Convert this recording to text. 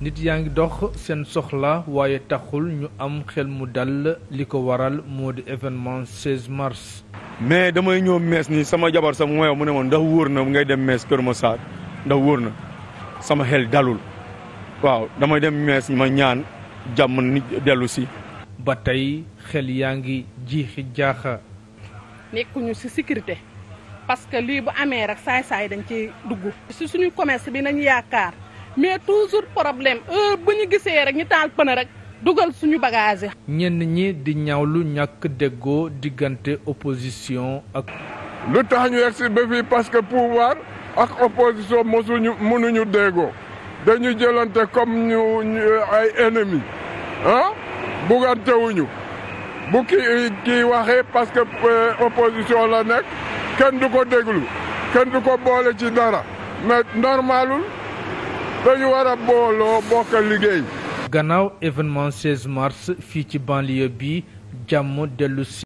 nit yaa ngi dox seen soxla waaye taxul ñu am xel mu dal li ko waral moo di événement 16 mars. mais damay ñëw mees ni sama jabar sama moyo mu ne ma ndax wóor na ngay dem mees Kër Massar ndax wóor na sama xel dalul waaw damay dem mees ma ñaan jàmm nit dellusi ba tey xel yaa ngi jiixi jaaxa. nekkuñu ci sécurité parce que lii bu amee rek saay-saay dañ ci dugg. ci suñu commerce bi nañu yaakaar. mais toujours problème heure bu ñu gisee rek ñu taal pëna rek dugal suñu bagage yi. ñi di ñaawlu ñàkk déggoo diggante opposition ak. lu tax ñu yegsi ba fii parce que pouvoir ak opposition mosuñu mënuñu déggoo dañu jëlante comme ñu ay ennemis ah buggantewuñu bu kii kii waxee parce que euh, opposition la nekk kenn du ko déglu kenn du ko boole ci dara mais normalul dañu war a booloo bokk liggéey. gannaaw événement mars fii ci banlieue bi jàmm dellusi